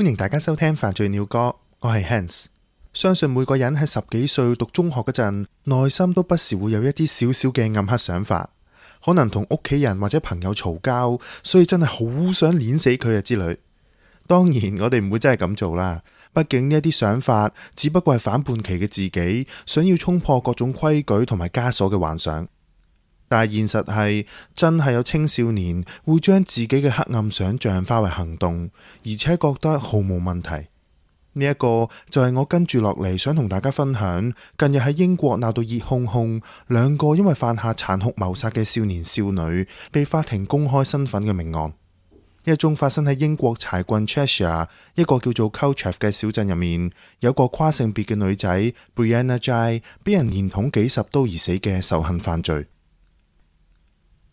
歡迎大家收聽犯罪鳥歌，我係 Hans。相信每個人喺十幾歲讀中學嗰陣，內心都不時會有一啲小小嘅暗黑想法，可能同屋企人或者朋友嘈交，所以真係好想碾死佢啊之類。當然，我哋唔會真係咁做啦。畢竟呢一啲想法，只不過係反叛期嘅自己，想要衝破各種規矩同埋枷鎖嘅幻想。但係現實係真係有青少年會將自己嘅黑暗想象化為行動，而且覺得毫無問題。呢、這、一個就係我跟住落嚟想同大家分享。近日喺英國鬧到熱烘烘，兩個因為犯下殘酷謀殺嘅少年少女被法庭公開身份嘅命案，一宗發生喺英國柴郡 Cheshire，一個叫做 Culcheth 嘅小鎮入面，有個跨性別嘅女仔 Brianna Ghey 被人連捅幾十刀而死嘅仇恨犯罪。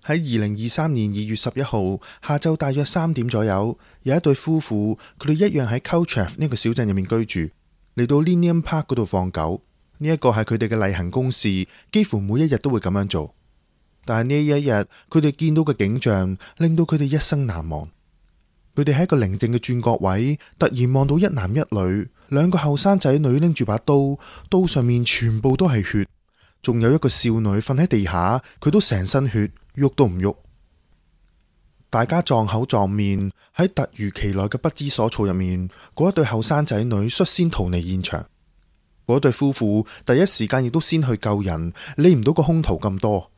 喺二零二三年二月十一號下晝大約三點左右，有一對夫婦，佢哋一樣喺 Culcheth 呢個小鎮入面居住，嚟到 Linear Park 嗰度放狗。呢、這、一個係佢哋嘅例行公事，幾乎每一日都會咁樣做。但係呢一日，佢哋見到嘅景象令到佢哋一生難忘。佢哋喺一個寧靜嘅轉角位，突然望到一男一女兩個後生仔女拎住把刀，刀上面全部都係血。仲有一個少女瞓喺地下，佢都成身血，喐都唔喐。大家撞口撞面，喺突如其來嘅不知所措入面，嗰一對後生仔女率先逃離現場。嗰對夫婦第一時間亦都先去救人，理唔到個兇徒咁多。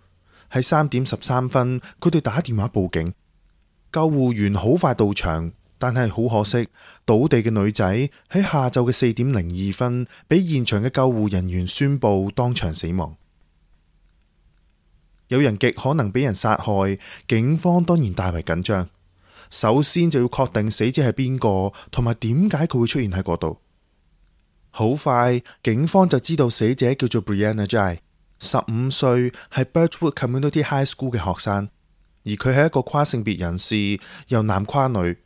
喺三點十三分，佢哋打電話報警，救護員好快到場，但係好可惜，倒地嘅女仔喺下晝嘅四點零二分，俾現場嘅救護人員宣布當場死亡。有人極可能俾人殺害，警方當然大為緊張。首先就要確定死者係邊個，同埋點解佢會出現喺嗰度。好快，警方就知道死者叫做 Brianna Ghey，十五歲，係 Birchwood Community High School 嘅學生，而佢係一個跨性別人士，又男跨女，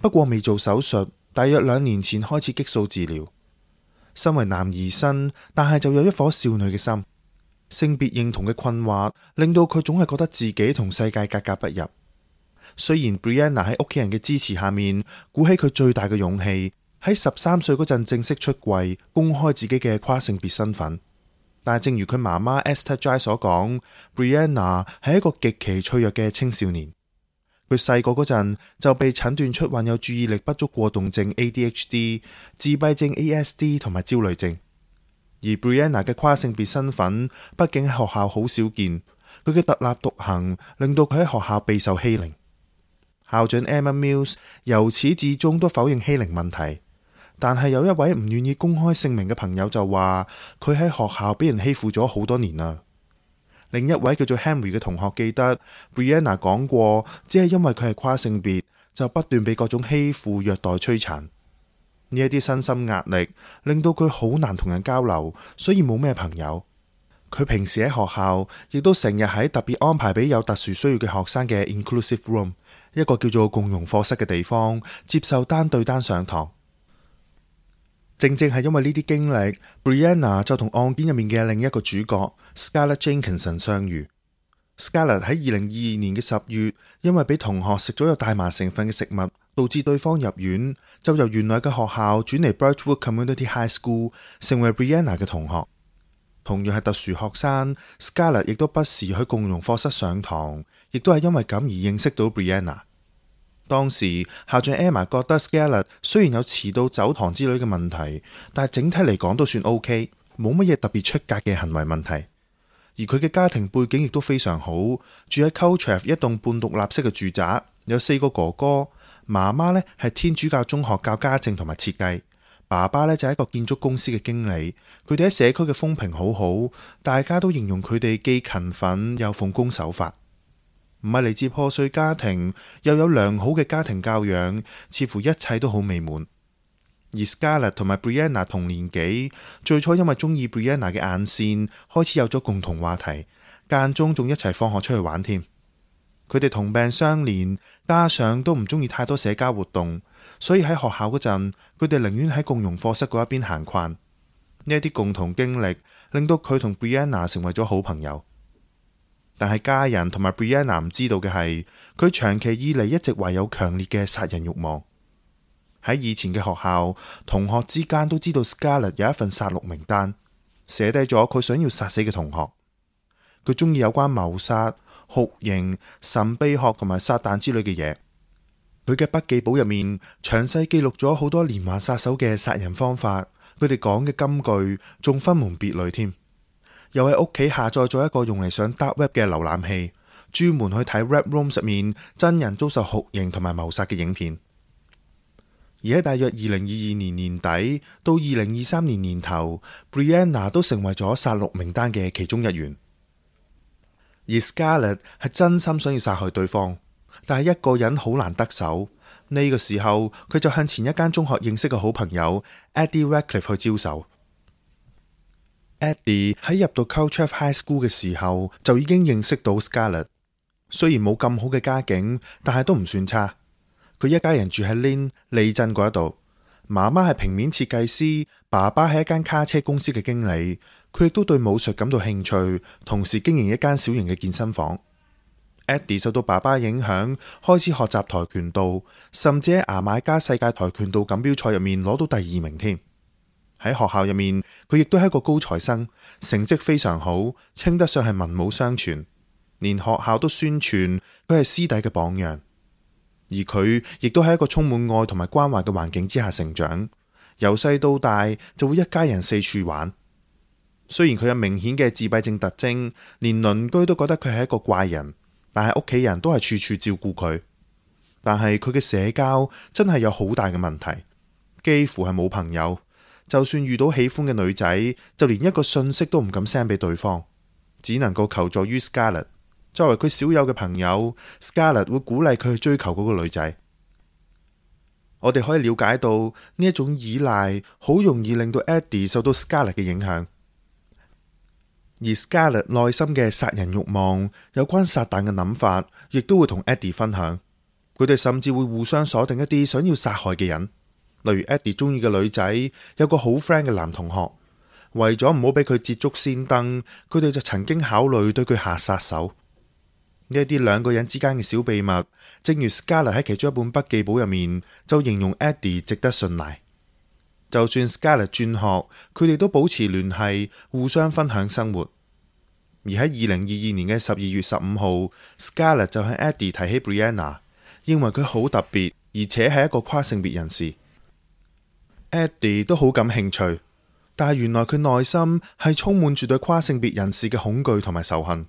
不過未做手術，大約兩年前開始激素治療。身為男兒身，但係就有一顆少女嘅心。性別認同嘅困惑，令到佢總係覺得自己同世界格格不入。雖然 Brianna 喺屋企人嘅支持下面，鼓起佢最大嘅勇氣，喺十三歲嗰陣正式出櫃，公開自己嘅跨性別身份。但係正如佢媽媽 Esther Ghey 所講，Brianna 係一個極其脆弱嘅青少年。佢細個嗰陣就被診斷出患有注意力不足過動症 （ADHD）、自閉症 （ASD） 同埋焦慮症。而 Brianna 嘅跨性別身份，畢竟喺學校好少見，佢嘅特立獨行令到佢喺學校備受欺凌。校長 Emma Mills 由始至終都否認欺凌問題，但係有一位唔願意公開姓名嘅朋友就話，佢喺學校俾人欺負咗好多年啦。另一位叫做 Henry 嘅同學記得 ，Brianna 講過，只係因為佢係跨性別，就不斷被各種欺負、虐待、摧殘。呢一啲身心壓力令到佢好難同人交流，所以冇咩朋友。佢平時喺學校亦都成日喺特別安排俾有特殊需要嘅學生嘅 inclusive room，一個叫做共用課室嘅地方接受單對單上堂。正正係因為呢啲經歷 ，Brianna 就同案件入面嘅另一個主角 Scarlett Jenkinson 相遇。Scarlett 喺二零二二年嘅十月，因為俾同學食咗有大麻成分嘅食物，導致對方入院。就由原來嘅學校轉嚟 Birchwood Community High School，成為 Brianna 嘅同學，同樣係特殊學生。Scarlett 亦都不時去共用課室上堂，亦都係因為咁而認識到 Brianna。當時校長 Emma 覺得 Scarlett 雖然有遲到、走堂之類嘅問題，但係整體嚟講都算 OK，冇乜嘢特別出格嘅行為問題。而佢嘅家庭背景亦都非常好，住喺 Culcheth 一棟半獨立式嘅住宅，有四個哥哥。媽媽呢係天主教中學教家政同埋設計，爸爸呢就係一個建築公司嘅經理。佢哋喺社區嘅風評好好，大家都形容佢哋既勤奮又奉公守法。唔係嚟自破碎家庭，又有良好嘅家庭教養，似乎一切都好美滿。而 Scarlett 同埋 Brianna 同年紀，最初因為中意 Brianna 嘅眼線，開始有咗共同話題，間中仲一齊放學出去玩添。佢哋同病相憐，加上都唔中意太多社交活動，所以喺學校嗰陣，佢哋寧願喺共融課室嗰一邊行困。呢一啲共同經歷令到佢同 Brianna 成為咗好朋友。但係家人同埋 Brianna 唔知道嘅係，佢長期以嚟一直懷有強烈嘅殺人慾望。喺以前嘅學校，同學之間都知道 Scarlett 有一份殺戮名單，寫低咗佢想要殺死嘅同學。佢中意有關謀殺。酷刑、神秘學同埋撒旦之類嘅嘢，佢嘅筆記簿入面詳細記錄咗好多連環殺手嘅殺人方法，佢哋講嘅金句仲分門別類添。又喺屋企下載咗一個用嚟上 dark web 嘅瀏覽器，專門去睇 rap room 入面真人遭受酷刑同埋謀殺嘅影片。而喺大約二零二二年年底到二零二三年年頭 ，Brianna 都成為咗殺戮名單嘅其中一員。而 Scarlett 係真心想要殺害對方，但係一個人好難得手。呢、那個時候，佢就向前一間中學認識嘅好朋友 Eddie Ratcliffe 去招手。Eddie 喺入到 Culcheth High School 嘅時候，就已經認識到 Scarlett。雖然冇咁好嘅家境，但係都唔算差。佢一家人住喺 Lin 利鎮嗰一度，媽媽係平面設計師，爸爸係一間卡車公司嘅經理。佢亦都對武術感到興趣，同時經營一間小型嘅健身房。Eddy 受到爸爸影響，開始學習跆拳道，甚至喺牙買加世界跆拳道錦標賽入面攞到第二名。添喺學校入面，佢亦都係一個高材生，成績非常好，稱得上係文武雙全。連學校都宣傳佢係師弟嘅榜樣。而佢亦都喺一個充滿愛同埋關懷嘅環境之下成長，由細到大就會一家人四處玩。雖然佢有明顯嘅自閉症特徵，連鄰居都覺得佢係一個怪人，但係屋企人都係處處照顧佢。但係佢嘅社交真係有好大嘅問題，幾乎係冇朋友。就算遇到喜歡嘅女仔，就連一個信息都唔敢 send 俾對方，只能夠求助於 Scarlett。作為佢少有嘅朋友，Scarlett 會鼓勵佢去追求嗰個女仔。我哋可以了解到呢一種依賴，好容易令到 Eddie 受到 Scarlett 嘅影響。而 Scarlett 內心嘅殺人欲望，有關撒旦嘅諗法，亦都會同 Eddie 分享。佢哋甚至會互相鎖定一啲想要殺害嘅人，例如 Eddie 中意嘅女仔，有個好 friend 嘅男同學。為咗唔好俾佢捷足先登，佢哋就曾經考慮對佢下殺手。呢一啲兩個人之間嘅小秘密，正如 Scarlett 喺其中一本筆記簿入面，就形容 Eddie 值得信賴。就算 Scarlett 轉學，佢哋都保持聯繫，互相分享生活。而喺二零二二年嘅十二月十五號，Scarlett 就向 Eddie 提起 Brianna，認為佢好特別，而且係一個跨性別人士。Eddie 都好感興趣，但係原來佢內心係充滿住對跨性別人士嘅恐懼同埋仇恨。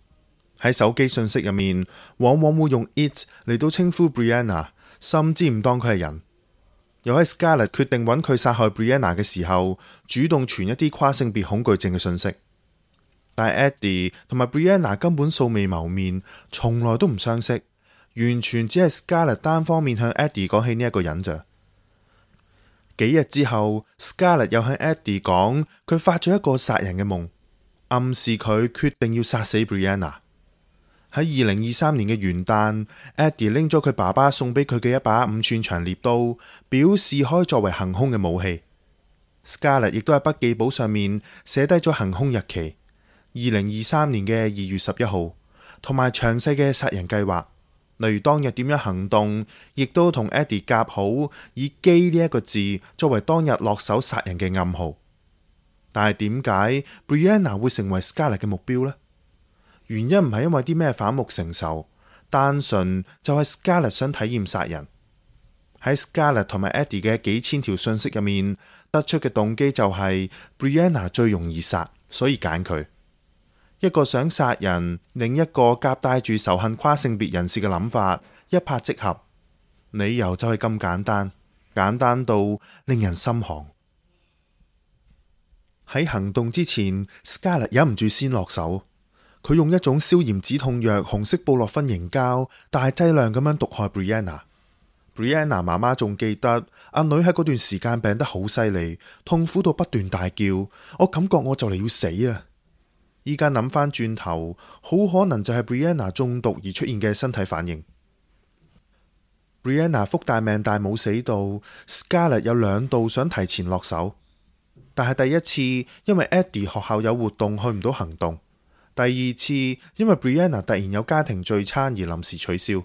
喺手機信息入面，往往會用 it 嚟到稱呼 Brianna，甚至唔當佢係人。又喺 Scarlett 決定揾佢殺害 Brianna 嘅時候，主動傳一啲跨性別恐懼症嘅信息。但 Eddie 同埋 Brianna 根本素未謀面，從來都唔相識，完全只係 Scarlett 單方面向 Eddie 講起呢一個人咋。幾日之後，Scarlett 又向 Eddie 講佢發咗一個殺人嘅夢，暗示佢決定要殺死 Brianna。喺二零二三年嘅元旦，Eddie 拎咗佢爸爸送俾佢嘅一把五寸長獵刀，表示可以作為行凶嘅武器。Scarlett 亦都喺筆記簿上面寫低咗行凶日期，二零二三年嘅二月十一號，同埋詳細嘅殺人計劃，例如當日點樣行動，亦都同 Eddie 夾好以“機”呢、這、一個字作為當日落手殺人嘅暗號。但係點解 Brianna 會成為 Scarlett 嘅目標呢？原因唔係因為啲咩反目成仇，單純就係 Scarlett 想體驗殺人。喺 Scarlett 同埋 Eddie 嘅幾千條信息入面，得出嘅動機就係 Brianna 最容易殺，所以揀佢。一個想殺人，另一個夾帶住仇恨跨性別人士嘅諗法，一拍即合。理由就係咁簡單，簡單到令人心寒。喺行動之前，Scarlett 忍唔住先落手。佢用一種消炎止痛藥紅色布洛芬凝膠，大劑量咁樣毒害 Brianna。Brianna 媽媽仲記得阿女喺嗰段時間病得好犀利，痛苦到不斷大叫，我感覺我就嚟要死啦！依家諗翻轉頭，好可能就係 Brianna 中毒而出現嘅身體反應。Brianna 福大命大冇死到，Scarlett 有兩度想提前落手，但係第一次因為 Eddie 學校有活動去唔到行動。第二次因為 Brianna 突然有家庭聚餐而臨時取消，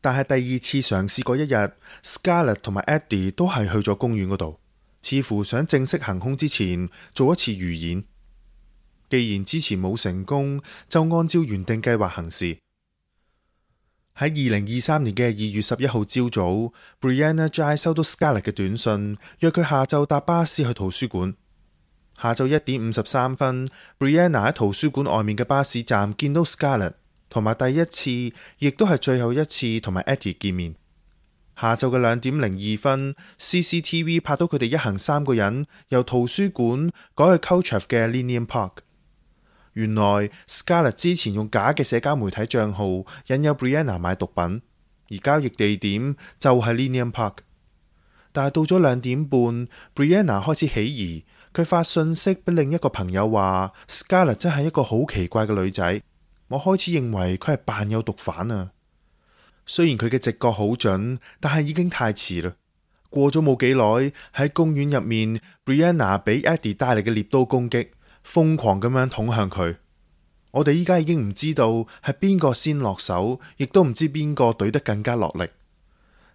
但係第二次嘗試嗰一日，Scarlett 同埋 Eddie 都係去咗公園嗰度，似乎想正式行凶之前做一次預演。既然之前冇成功，就按照原定計劃行事。喺二零二三年嘅二月十一號朝早，Brianna Ghey 收到 Scarlett 嘅短信，約佢下晝搭巴士去圖書館。下晝一點五十三分，Brianna 喺圖書館外面嘅巴士站見到 Scarlett，同埋第一次，亦都係最後一次同埋 Eddie 見面。下晝嘅兩點零二分，CCTV 拍到佢哋一行三個人由圖書館改去 Culcheth 嘅 Linear Park。原來 Scarlett 之前用假嘅社交媒體賬號引誘 Brianna 買毒品，而交易地點就係 Linear Park。但係到咗兩點半，Brianna 開始起疑。佢發信息俾另一個朋友話：Scarlett 真係一個好奇怪嘅女仔，我開始認為佢係扮有毒販啊。雖然佢嘅直覺好準，但係已經太遲啦。過咗冇幾耐，喺公園入面，Brianna 俾 Eddie 帶嚟嘅獵刀攻擊，瘋狂咁樣捅向佢。我哋依家已經唔知道係邊個先落手，亦都唔知邊個懟得更加落力。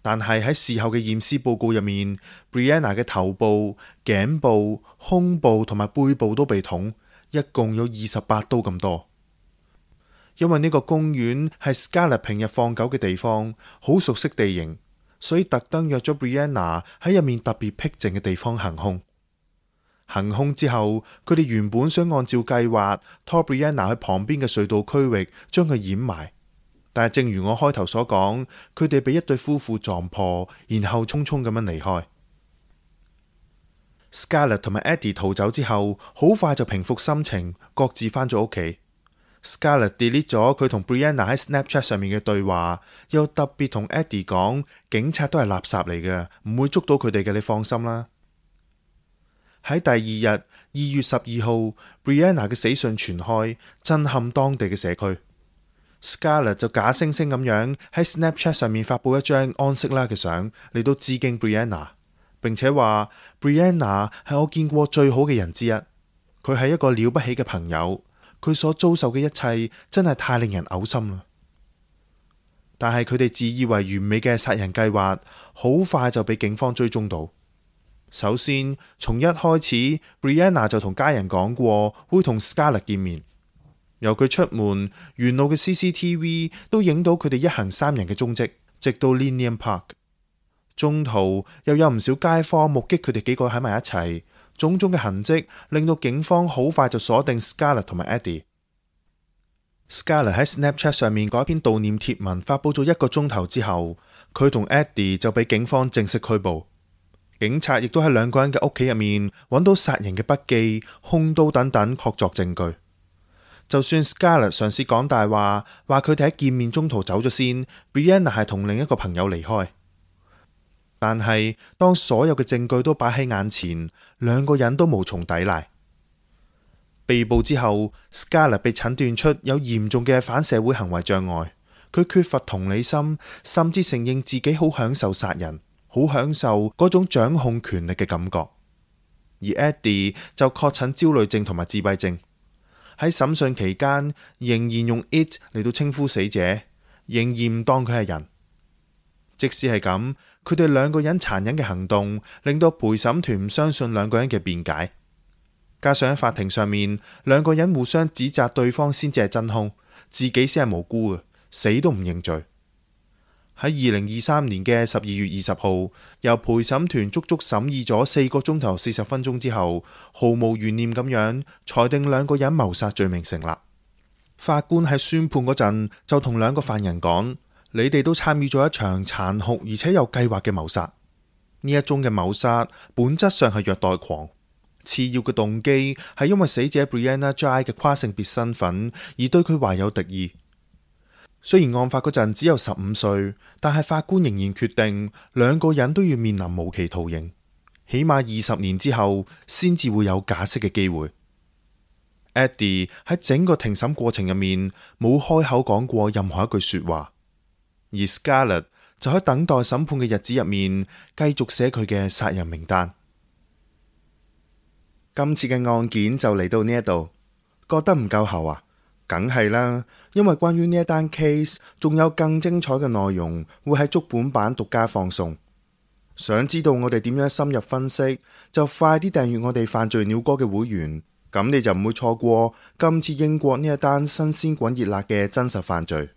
但係喺事後嘅驗屍報告入面，Brianna 嘅頭部、頸部、胸部同埋背部都被捅，一共有二十八刀咁多。因為呢個公園係 Scarlett 平日放狗嘅地方，好熟悉地形，所以特登約咗 Brianna 喺入面特別僻靜嘅地方行凶。行凶之後，佢哋原本想按照計劃，拖 Brianna 喺旁邊嘅隧道區域將佢掩埋。但係，正如我開頭所講，佢哋被一對夫婦撞破，然後匆匆咁樣離開。Scarlett 同埋 Eddie 逃走之後，好快就平復心情，各自返咗屋企。Scarlett delete 咗佢同 Brianna 喺 Snapchat 上面嘅對話，又特別同 Eddie 講：警察都係垃圾嚟嘅，唔會捉到佢哋嘅，你放心啦。喺第二日，二月十二 號，Brianna 嘅死訊傳開，震撼當地嘅社區。Scarlett 就假惺惺咁樣喺 Snapchat 上面發佈一張安息啦嘅相，嚟到致敬 Brianna，並且話 Brianna 係我見過最好嘅人之一，佢係一個了不起嘅朋友，佢所遭受嘅一切真係太令人嘔心啦。但係佢哋自以為完美嘅殺人計劃，好快就被警方追蹤到。首先，從一開始 Brianna 就同家人講過會同 Scarlett 見面。由佢出門，沿路嘅 CCTV 都影到佢哋一行三人嘅蹤跡，直到 Linear Park。中途又有唔少街坊目擊佢哋幾個喺埋一齊，種種嘅痕跡令到警方好快就鎖定 Scarlett 同埋 Eddie。Scarlett 喺 Snapchat 上面嗰篇悼念貼文，發布咗一個鐘頭之後，佢同 Eddie 就被警方正式拘捕。警察亦都喺兩個人嘅屋企入面揾到殺人嘅筆記、兇刀等等，確鑿證據。就算 Scarlett 嘗試講大話，話佢哋喺見面中途走咗先，Brianna 係同另一個朋友離開。但係當所有嘅證據都擺喺眼前，兩個人都無從抵賴。被捕之後，Scarlett 被診斷出有嚴重嘅反社會行為障礙，佢缺乏同理心，甚至承認自己好享受殺人，好享受嗰種掌控權力嘅感覺。而 Eddie 就確診焦慮症同埋自閉症。喺審訊期間，仍然用 it 嚟到稱呼死者，仍然唔當佢係人。即使係咁，佢哋兩個人殘忍嘅行動，令到陪審團唔相信兩個人嘅辯解。加上喺法庭上面，兩個人互相指責對方先至係真兇，自己先係無辜嘅，死都唔認罪。喺二零二三年嘅十二月二十號，由陪審團足足審議咗四個鐘頭四十分鐘之後，毫無懸念咁樣裁定兩個人謀殺罪名成立。法官喺宣判嗰陣就同兩個犯人講：你哋都參與咗一場殘酷而且有計劃嘅謀殺。呢一宗嘅謀殺本質上係虐待狂，次要嘅動機係因為死者 Brianna Ghey 嘅跨性別身份而對佢懷有敵意。雖然案發嗰陣只有十五歲，但係法官仍然決定兩個人都要面臨無期徒刑，起碼二十年之後先至會有假釋嘅機會。Eddie 喺整個庭審過程入面冇開口講過任何一句說話，而 Scarlett 就喺等待審判嘅日子入面繼續寫佢嘅殺人名單。今次嘅案件就嚟到呢一度，覺得唔夠喉啊！梗係啦，因為關於呢一單 case，仲有更精彩嘅內容會喺足本版獨家放送。想知道我哋點樣深入分析，就快啲訂閱我哋犯罪鳥歌嘅會員，咁你就唔會錯過今次英國呢一單新鮮滾熱辣嘅真實犯罪。